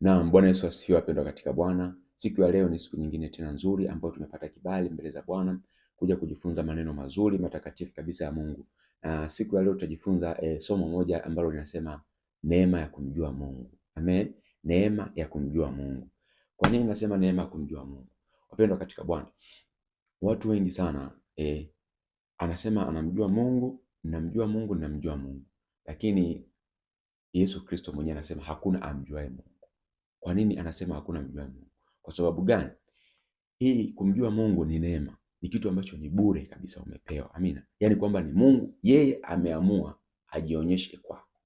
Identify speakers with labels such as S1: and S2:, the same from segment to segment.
S1: Naam, Bwana Yesu asifiwe wapendwa katika Bwana. Siku ya leo ni siku nyingine tena nzuri ambayo tumepata kibali mbele za Bwana kuja kujifunza maneno mazuri matakatifu kabisa ya Mungu. Na siku ya leo tutajifunza e, somo moja ambalo linasema neema ya kumjua Mungu. Amen. Neema ya kumjua Mungu. Kwa nini nasema neema ya kumjua Mungu? Wapendwa katika Bwana. Watu wengi sana e, anasema anamjua Mungu, namjua Mungu, namjua Mungu. Lakini Yesu Kristo mwenyewe anasema hakuna amjuae Mungu. Kwa nini anasema hakuna mjua Mungu? Kwa sababu gani? Hii kumjua Mungu ni neema, ni kitu ambacho ni bure kabisa, umepewa. Amina, yaani kwamba ni Mungu yeye ameamua ajionyeshe kwako.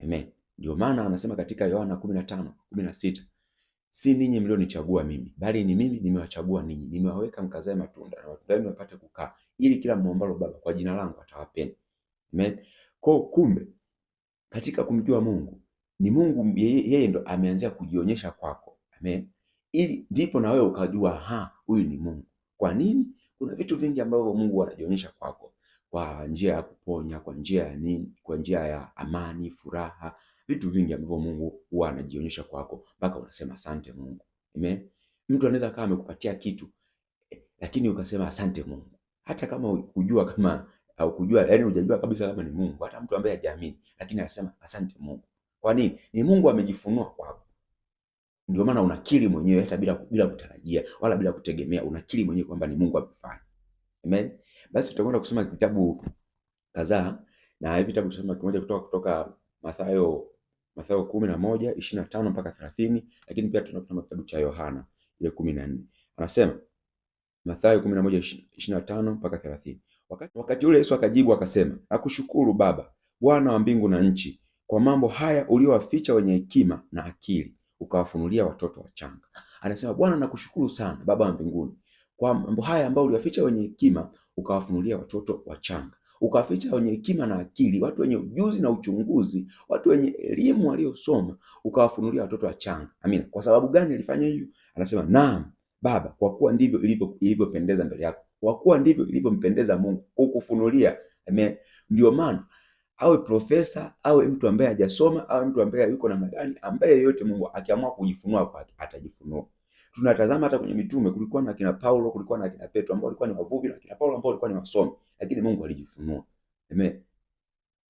S1: Amen. Ndio maana anasema katika Yohana 15 16, si ninyi mlionichagua mimi, bali ni mimi nimewachagua ninyi, nimewaweka mkazae matunda na matunda yenu yapate kukaa, ili kila mwombalo Baba kwa jina langu atawapenda. Amen. Kwa kumbe katika kumjua Mungu ni Mungu yeye ndo ameanzia kujionyesha kwako. Amen. Ili ndipo na wewe ukajua ha, huyu ni Mungu. Kwa nini? Kuna vitu vingi ambavyo Mungu anajionyesha kwako kwa njia ya kuponya, kwa njia ya nini, kwa njia ya amani, furaha, vitu vingi ambavyo Mungu huwa anajionyesha kwako mpaka unasema asante Mungu. Amen. Mtu anaweza kama amekupatia kitu lakini ukasema asante Mungu, hata kama hujua kama au kujua, yani hujajua kabisa kama ni Mungu, hata mtu ambaye hajaamini, lakini anasema asante Mungu. Kwa nini? Ni Mungu amejifunua kwako. Ndio maana unakiri mwenyewe hata bila bila kutarajia wala bila kutegemea, unakiri mwenyewe kwamba ni Mungu amefanya. Amen. Basi tutakwenda kusoma kitabu kadhaa na hivi vitabu tusoma kimoja kutoka kutoka Mathayo Mathayo kumi na mpaka 30, lakini pia tunakutana kitabu cha Yohana ile 14. anasema Mathayo kumi na mpaka 30. wakati, wakati ule Yesu akajibu akasema nakushukuru Baba Bwana wa mbingu na nchi kwa mambo haya uliowaficha wenye hekima na akili, ukawafunulia watoto wachanga. Anasema, Bwana nakushukuru sana Baba wa mbinguni kwa mambo haya ambayo uliwaficha wenye hekima, ukawafunulia watoto wachanga, ukawaficha wenye hekima na akili, watu wenye ujuzi na uchunguzi, watu wenye elimu waliosoma, ukawafunulia watoto wachanga. Amina. Kwa sababu gani alifanya hivyo? Anasema, naam Baba, kwa kuwa ndivyo ilivyopendeza mbele yako, kwa kuwa ndivyo ilivyompendeza Mungu kukufunulia. Amen. Ndio maana awe profesa, awe mtu ambaye hajasoma, awe mtu ambaye yuko namadani, ambaye yeyote Mungu akiamua kujifunua kwake atajifunua. Tunatazama hata kwenye mitume, kulikuwa na kina Paulo, kulikuwa na kina Petro ambao walikuwa ni wavuvi na kina Paulo ambao walikuwa ni wasomi, lakini Mungu alijifunua. Amen.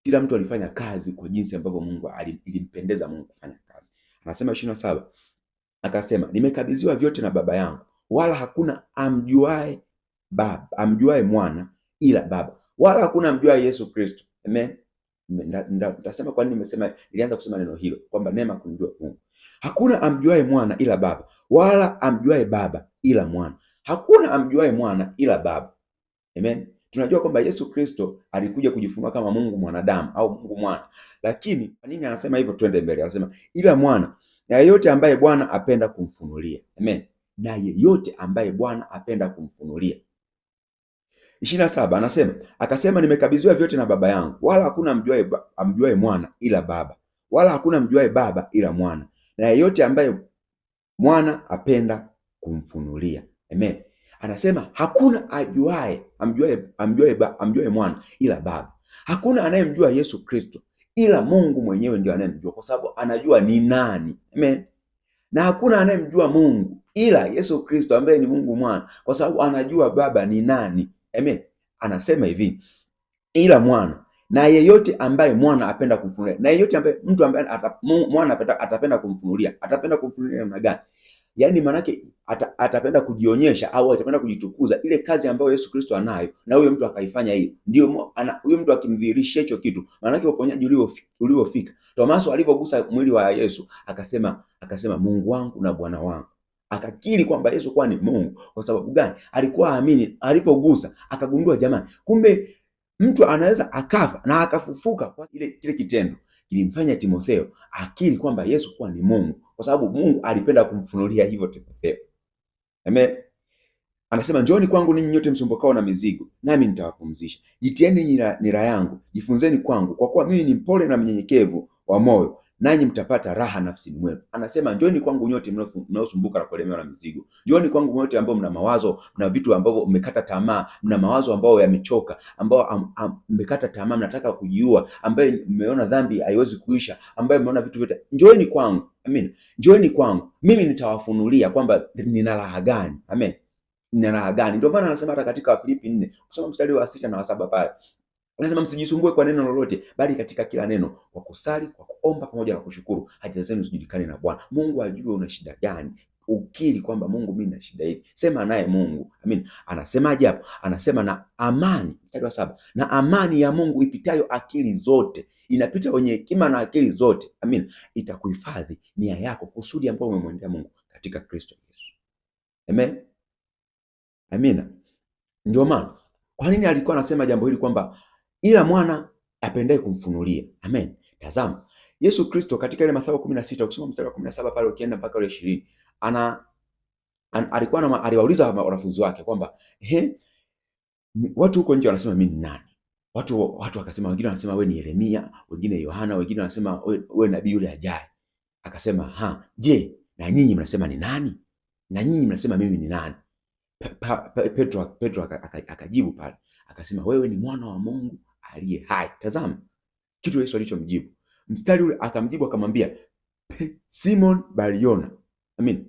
S1: Kila mtu alifanya kazi kwa jinsi ambavyo Mungu alimpendeza Mungu kufanya kazi. Anasema 27 akasema nimekabidhiwa vyote na Baba yangu, wala hakuna amjuae Baba amjuae mwana ila Baba, wala hakuna amjuae Yesu Kristo. Amen. Nitasema kwa nini nimesema, nilianza kusema neno hilo kwamba neema kumjua Mungu. Hakuna amjuae mwana ila Baba, wala amjuae Baba ila mwana. Hakuna amjuae mwana ila Baba. Amen. Tunajua kwamba Yesu Kristo alikuja kujifunua kama Mungu mwanadamu au Mungu mwana, lakini kwa nini anasema hivyo? Twende mbele, anasema ila mwana na yeyote ambaye Bwana apenda kumfunulia. Amen, na yeyote ambaye Bwana apenda kumfunulia ishirini na saba anasema akasema, nimekabidhiwa vyote na Baba yangu, wala hakuna mjuae amjuae mwana ila Baba, wala hakuna mjuae Baba ila mwana na yeyote ambaye mwana apenda kumfunulia. Amen. Anasema hakuna ajuae amjuae amjuae ba, amjuae mwana ila Baba. Hakuna anayemjua Yesu Kristo ila Mungu mwenyewe ndio anayemjua, kwa sababu anajua ni nani. Amen. Na hakuna anayemjua Mungu ila Yesu Kristo ambaye ni Mungu mwana, kwa sababu anajua Baba ni nani. Amen. Anasema hivi, ila mwana na yeyote ambaye mwana apenda kumfunulia, na yeyote ambaye mtu ambaye mwana apenda, atapenda kumfunulia, atapenda kumfunulia namna gani? Yaani maanake ata, atapenda kujionyesha au atapenda kujitukuza ile kazi ambayo Yesu Kristo anayo, na huyo mtu akaifanya hiyo, ndio huyo mtu akimdhihirisha hicho kitu, maanake uponyaji uliofika. Tomaso alivyogusa mwili wa Yesu akasema, akasema Mungu wangu na Bwana wangu akakiri kwamba Yesu kuwa ni Mungu. Kwa sababu gani? Alikuwa amini, alipogusa akagundua, jamani, kumbe mtu anaweza akafa na akafufuka. Kwa ile kile kitendo kilimfanya Timotheo akiri kwamba Yesu kuwa ni Mungu, kwa sababu Mungu alipenda kumfunulia hivyo Timotheo. Amen. Anasema njooni kwangu ninyi nyote msumbukao na mizigo, nami nitawapumzisha. Jitieni nira, nira yangu, jifunzeni kwangu, kwa kuwa mimi ni mpole na mnyenyekevu wa moyo, nanyi mtapata raha nafsini mwenu. Anasema njoni kwangu nyote mnaosumbuka na kulemewa na mizigo, njoni kwangu nyote ambao mna mawazo na vitu ambavyo mmekata tamaa, mna mawazo ambayo yamechoka, ambao mmekata tamaa, mnataka kujiua, ambaye mmeona dhambi haiwezi kuisha, ambaye mmeona vitu vyote, njoni kwangu. Amen, njoni kwangu, mimi nitawafunulia kwamba nina raha gani. Amen, nina raha gani? Ndio maana anasema hata katika Wafilipi 4 kusoma mstari wa sita na wa saba pale Anasema msijisumbue kwa neno lolote, bali katika kila neno kwa kusali, kwa kuomba pamoja na kushukuru, haja zenu zijulikane na Bwana Mungu. Ajue una shida gani, ukiri kwamba Mungu, mimi na shida hili, sema naye Mungu. Amin. Anasemaje hapo? Anasema na amani, mstari wa saba, na amani ya Mungu ipitayo akili zote, inapita wenye hekima na akili zote, amin, itakuhifadhi nia yako, kusudi ambayo umemwendea Mungu katika Kristo Yesu. Amen. Amina. Ndio maana kwa nini alikuwa anasema jambo hili kwamba ila mwana apendaye kumfunulia. Amen. Tazama Yesu Kristo katika ile Mathayo 16 ukisoma mstari wa 17 pale ukienda mpaka ile 20 ana, an, alikuwa na aliwauliza wanafunzi wake kwamba he, watu huko nje wanasema mimi ni nani? Watu watu wakasema, wengine wanasema wewe ni Yeremia, wengine Yohana, wengine wanasema wewe we nabii yule ajaye. Akasema ha, je, na nyinyi mnasema ni nani? Na nyinyi mnasema mimi ni nani? Petro Petro akajibu pale akasema, wewe ni mwana wa Mungu aliye hai. Tazama kitu Yesu alichomjibu mstari ule, akamjibu akamwambia Simon Bariona, I mean,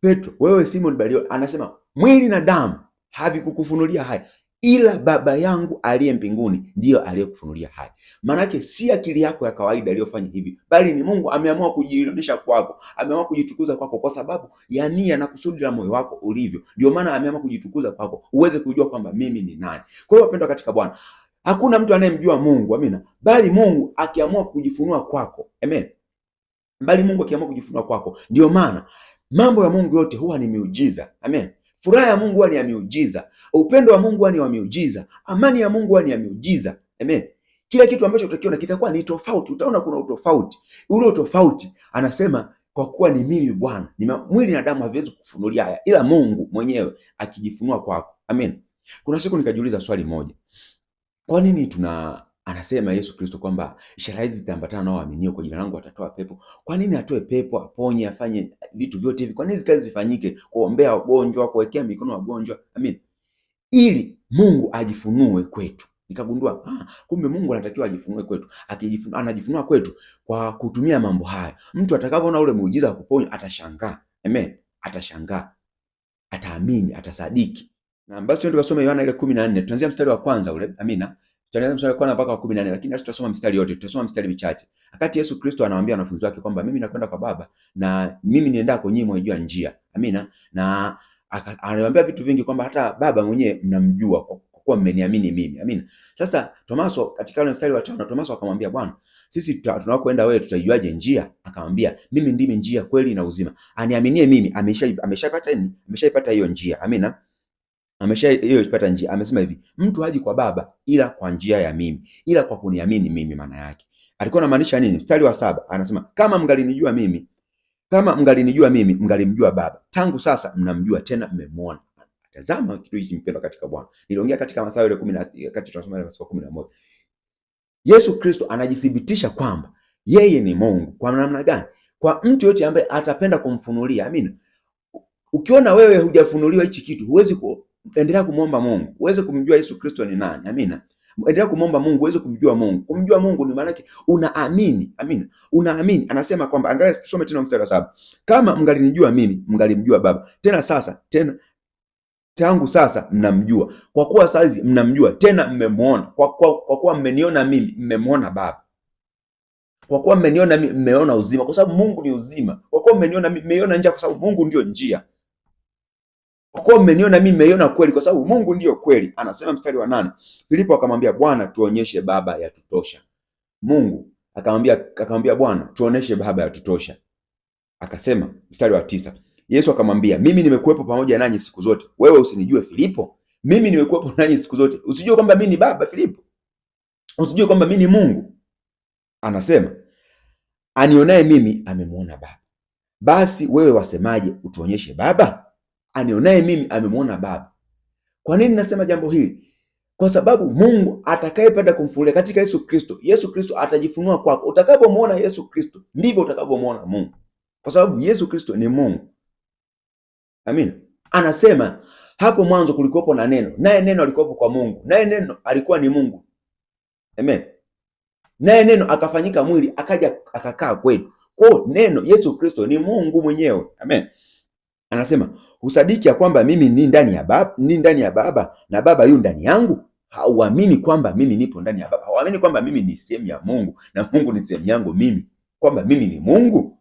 S1: Petro, wewe Simon Bariona, anasema mwili na damu havikukufunulia haya ila Baba yangu aliye mbinguni ndiyo aliyekufunulia haya. Maanake si akili yako ya kawaida aliyofanya hivi, bali ni Mungu ameamua kujirudisha kwako, ameamua kujitukuza kwako, kwa sababu ya nia na kusudi la moyo wako ulivyo. Ndio maana ameamua kujitukuza kwako uweze kujua kwamba mimi ni nani. Kwa hiyo wapendwa katika Bwana, Hakuna mtu anayemjua Mungu, amina, bali Mungu akiamua kujifunua kwako, amen, bali Mungu akiamua kujifunua kwako. ndio maana mambo ya Mungu yote huwa ni miujiza, amen. Furaha ya Mungu huwa ni ya miujiza, upendo wa Mungu huwa ni wa miujiza, amani ya Mungu huwa ni ya miujiza, amen. Kila kitu ambacho utakiona kitakuwa ni tofauti, utaona kuna utofauti. Ule utofauti anasema kwa kuwa ni mimi Bwana, ni mwili na damu haviwezi kufunulia haya, ila Mungu mwenyewe akijifunua kwako, amen. Kuna siku nikajiuliza swali moja kwa nini tuna anasema Yesu Kristo kwamba ishara hizi zitaambatana nao waaminio, kwa jina langu watatoa pepo. Kwa nini atoe pepo, aponye, afanye vitu vyote hivi? Kwa nini hizi kazi zifanyike? Kuombea wagonjwa, kuwekea mikono wagonjwa, amin, ili Mungu ajifunue kwetu. Nikagundua ah, kumbe Mungu anatakiwa ajifunue kwetu. Akijifunua, anajifunua kwetu kwa kutumia mambo haya. Mtu atakapoona ule muujiza wa kuponya atashangaa, amen, atashangaa, ataamini, atasadiki. Na basi tuende tukasome Yohana ile 14. Tuanzia mstari wa kwanza ule. Amina. Tutaanza mstari wa kwanza mpaka wa 14 lakini hata tutasoma mstari yote, tutasoma mstari michache. Akati Yesu Kristo anawaambia wanafunzi wake kwamba mimi nakwenda kwa Baba na mimi niendea kwa nyinyi mwaijua njia. Amina. Na anawaambia vitu vingi kwamba hata Baba mwenyewe mnamjua kwa kuwa mmeniamini mimi. Amina. Sasa Tomaso katika ile mstari wa 5 Tomaso akamwambia Bwana, sisi tunakoenda wewe tutajuaje njia? Akamwambia, mimi ndimi njia, kweli na uzima. Aniaminie mimi ameshaipata nini? Ameshaipata hiyo njia. Amina amesha hiyo ipata njia. Amesema hivi, mtu haji kwa Baba ila kwa njia ya mimi, ila kwa kuniamini mimi. Maana yake alikuwa anamaanisha nini? Mstari wa saba anasema kama mngalinijua mimi, kama mngalinijua mimi, mngalimjua Baba. Tangu sasa mnamjua, tena mmemwona. Tazama kitu hiki mpendwa katika Bwana, niliongea katika Mathayo ile 10 kati tunasoma ile Mathayo 11. Yesu Kristo anajithibitisha kwamba yeye ni Mungu kwa namna gani? Kwa mtu yote ambaye atapenda kumfunulia. Amina. Ukiona wewe hujafunuliwa hichi kitu, huwezi ku endelea kumwomba Mungu uweze kumjua Yesu Kristo ni nani. Amina, endelea kumwomba Mungu uweze kumjua Mungu. Kumjua Mungu ni maana yake unaamini. Amina, unaamini. Anasema kwamba, angalia, tusome tena mstari wa saba, kama mngalinijua mimi mngalimjua Baba, tena sasa tena tangu sasa mnamjua, kwa kuwa sasa mnamjua tena mmemwona. Kwa, kwa, kwa kuwa mmeniona mimi mmemwona Baba. Kwa kuwa mmeniona mimi mmeona uzima, kwa sababu Mungu ni uzima. Kwa kuwa mmeniona mimi mmeiona njia, kwa sababu Mungu ndio njia. Kwa kuwa mmeniona mimi, mmeiona kweli, kwa sababu Mungu ndiyo kweli. Anasema mstari wa nane, Filipo akamwambia Bwana, tuonyeshe Baba, yatutosha. Mungu akamwambia akamwambia Bwana, tuoneshe Baba, yatutosha. Akasema mstari wa tisa, Yesu akamwambia, mimi nimekuwepo pamoja nanyi siku zote, wewe usinijue Filipo? Mimi nimekuwepo nanyi siku zote, usijue kwamba mimi ni Baba, Filipo? Usijue kwamba mimi ni Mungu? Anasema, anionaye mimi amemwona Baba, basi wewe wasemaje utuonyeshe Baba? anionaye mimi amemwona Baba. Kwa nini nasema jambo hili? Kwa sababu Mungu atakayependa kumfunulia katika Yesu Kristo, Yesu Kristo atajifunua kwako. Utakapomwona Yesu Kristo ndivyo utakapomwona Mungu, kwa sababu Yesu Kristo ni Mungu. Amina. Anasema hapo mwanzo kulikuwepo na neno, naye neno alikuwepo kwa Mungu, naye neno alikuwa ni Mungu. Amen. Naye neno akafanyika mwili, akaja akakaa kwetu. Kwa neno Yesu Kristo ni Mungu mwenyewe. Amen anasema husadiki ya kwamba mimi ni ndani ya baba, ni ndani ya baba na baba yu ndani yangu. Hauamini kwamba mimi nipo ndani ya baba, hauamini kwamba mimi ni sehemu ya Mungu na Mungu ni sehemu yangu mimi, kwamba mimi ni Mungu.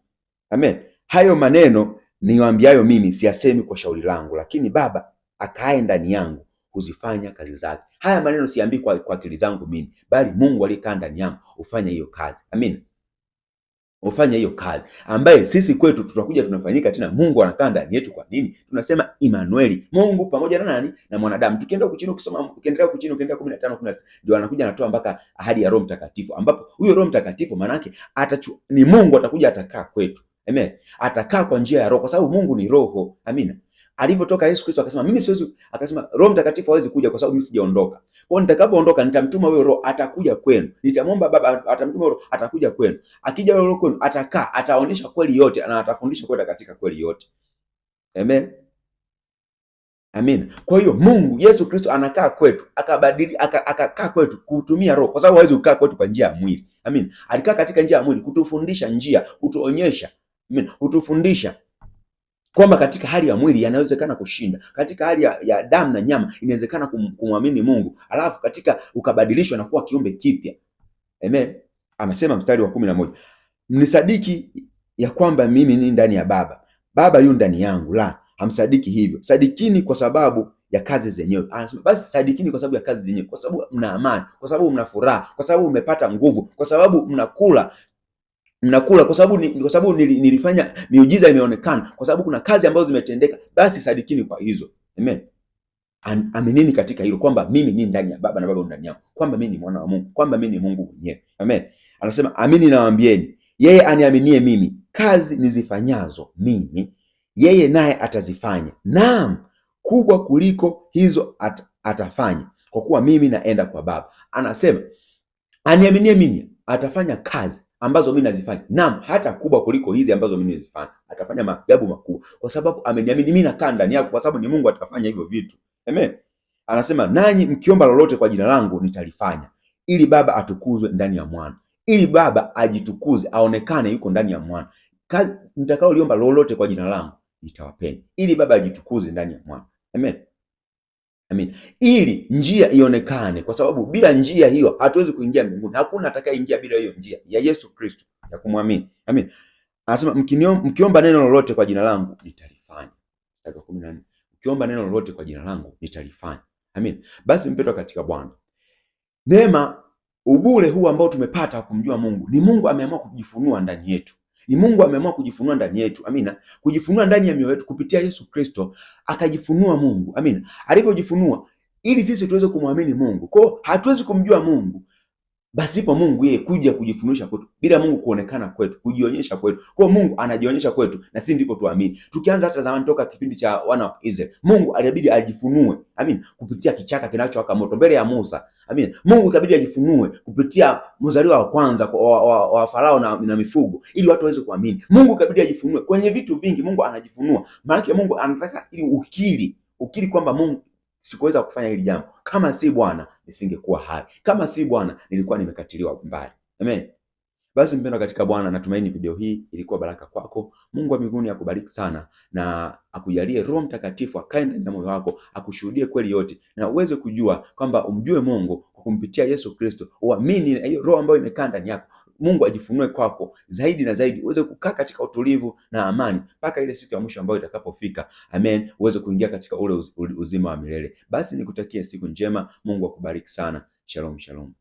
S1: Amen. Hayo maneno niwaambiayo mimi siyasemi kwa shauri langu, lakini Baba akae ndani yangu huzifanya kazi zake. Haya maneno siambii kwa akili zangu mimi, bali Mungu aliyekaa ndani yangu hufanya hiyo kazi. Amen ufanye hiyo kazi ambaye sisi kwetu tutakuja tunafanyika tena. Mungu anakaa ndani yetu. Kwa nini tunasema Imanueli, Mungu pamoja na nani? Na mwanadamu. Tukienda huku chini ukisoma, ukiendelea huku chini, ukiendelea 15 16 ndio anakuja anatoa mpaka ahadi ya Roho Mtakatifu, ambapo huyo Roho Mtakatifu maana yake ni Mungu atakuja atakaa kwetu. Amen, atakaa kwa njia ya Roho, kwa sababu Mungu ni Roho. Amina. Alipotoka Yesu Kristo akasema mimi siwezi, akasema Roho Mtakatifu hawezi kuja kwa sababu mimi sijaondoka. Kwa hiyo nitakapoondoka nitamtuma huyo Roho, atakuja kwenu. Nitamwomba Baba, atamtuma huyo Roho, atakuja kwenu. Akija huyo Roho kwenu, atakaa, ataonyesha kweli yote na atafundisha kwenda katika kweli yote. Amen. Amen. Kwa hiyo Mungu Yesu Kristo anakaa kwetu, akabadili akakaa aka kwetu kutumia Roho kwa sababu hawezi kukaa kwetu kwa njia ya mwili. Amen. Alikaa katika njia ya mwili kutufundisha njia, kutuonyesha, amen, kutufundisha kwamba katika hali ya mwili yanawezekana kushinda, katika hali ya, ya damu na nyama inawezekana kum, kumwamini Mungu, alafu katika ukabadilishwa na kuwa kiumbe kipya. Amen. Anasema mstari wa kumi na moja mnisadiki ya kwamba mimi ni ndani ya Baba, Baba yu ndani yangu. La, hamsadiki hivyo. Sadikini kwa sababu ya kazi zenyewe. Anasema basi sadikini kwa sababu ya kazi zenyewe, kwa sababu mna amani, kwa sababu mna furaha, kwa sababu mmepata nguvu, kwa sababu mnakula mnakula kwa sababu ni, kwa sababu nilifanya miujiza imeonekana, kwa sababu kuna kazi ambazo zimetendeka, basi sadikini kwa hizo. Amen. An, aminini katika hilo kwamba mimi ni ndani ya Baba na Baba ndani yangu, kwamba mimi ni mwana wa Mungu, kwamba mimi ni Mungu mwenyewe. Amen. Anasema amini nawaambieni, yeye aniaminie mimi, kazi nizifanyazo mimi yeye naye atazifanya, naam kubwa kuliko hizo at, atafanya, kwa kuwa mimi naenda kwa Baba. Anasema aniaminie mimi atafanya kazi ambazo mimi nazifanya, naam, hata kubwa kuliko hizi ambazo mimi nazifanya. Atafanya maajabu makubwa kwa sababu ameniamini mimi, nakaa ndani yako, kwa sababu ni Mungu atafanya hivyo vitu. Amen. Anasema nanyi mkiomba lolote kwa jina langu nitalifanya, ili Baba atukuzwe ndani ya Mwana, ili Baba ajitukuze, aonekane yuko ndani ya Mwana. Mtakaoliomba lolote kwa jina langu nitawapeni, ili Baba ajitukuze ndani ya Mwana. Amen mean, Ili njia ionekane, kwa sababu bila njia hiyo hatuwezi kuingia mbinguni. Hakuna atakayeingia bila hiyo njia ya Yesu Kristo ya kumwamini. Amin. Anasema mkiomba neno lolote kwa jina langu nitalifanya. Mkiomba neno lolote kwa jina langu nitalifanya. Amin. Basi mpendwa katika Bwana, neema ubure huu ambao tumepata kumjua Mungu ni Mungu ameamua kujifunua ndani yetu. Ni Mungu ameamua kujifunua ndani yetu, amina, kujifunua ndani ya mioyo yetu kupitia Yesu Kristo, akajifunua Mungu, amina, alivyojifunua ili sisi tuweze kumwamini Mungu. Kwa hatuwezi kumjua Mungu Basipo Mungu yeye kuja kujifunulisha kwetu, bila Mungu kuonekana kwetu, kujionyesha kwetu. Kwa Mungu anajionyesha kwetu na sisi ndipo tuamini. Tukianza hata zamani toka kipindi cha wana wa Israeli, Mungu alibidi ajifunue, amin, kupitia kichaka kinachowaka moto mbele ya Musa, amin. Mungu ikabidi ajifunue kupitia mzaliwa wa kwanza wa, wa, wa Farao na, na mifugo ili watu waweze kuamini. Mungu ikabidi ajifunue kwenye vitu vingi, Mungu anajifunua. Maana Mungu anataka ili ukiri, ukiri kwamba Mungu sikuweza kufanya hili jambo kama si Bwana nisingekuwa hai. Kama si Bwana, nilikuwa nimekatiliwa mbali. Amen. Basi mpendwa katika Bwana, natumaini video hii ilikuwa baraka kwako. Mungu wa mbinguni akubariki sana na akujalie Roho Mtakatifu akae ndani ya moyo wako, akushuhudie kweli yote, na uweze kujua kwamba umjue Mungu kwa kumpitia Yesu Kristo, uamini hiyo roho ambayo imekaa ndani yako Mungu ajifunue kwako zaidi na zaidi, uweze kukaa katika utulivu na amani mpaka ile siku ya mwisho ambayo itakapofika. Amen, uweze kuingia katika ule uzima wa milele. Basi nikutakie siku njema, Mungu akubariki sana. Shalom, shalom.